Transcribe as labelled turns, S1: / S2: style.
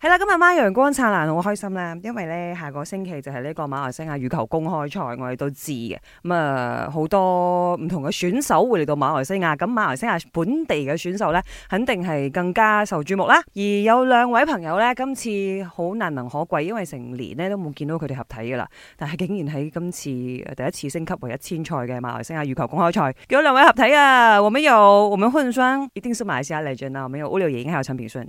S1: 係啦，今日晚陽光燦爛，好開心啦！因為咧，下個星期就係呢個馬來西亞羽球公開賽，我哋都知嘅。咁啊，好多唔同嘅選手會嚟到馬來西亞，咁馬來西亞本地嘅選手咧，肯定係更加受注目啦。而有兩位朋友咧，今次好難能可貴，因為成年咧都冇見到佢哋合體噶啦，但係竟然喺今次第一次升級為一千賽嘅馬來西亞羽球公開賽，叫兩位合體啊！我們有我們混雙，一定是馬來西亞 legend 啊！我有吳柳螢，還有陳炳順。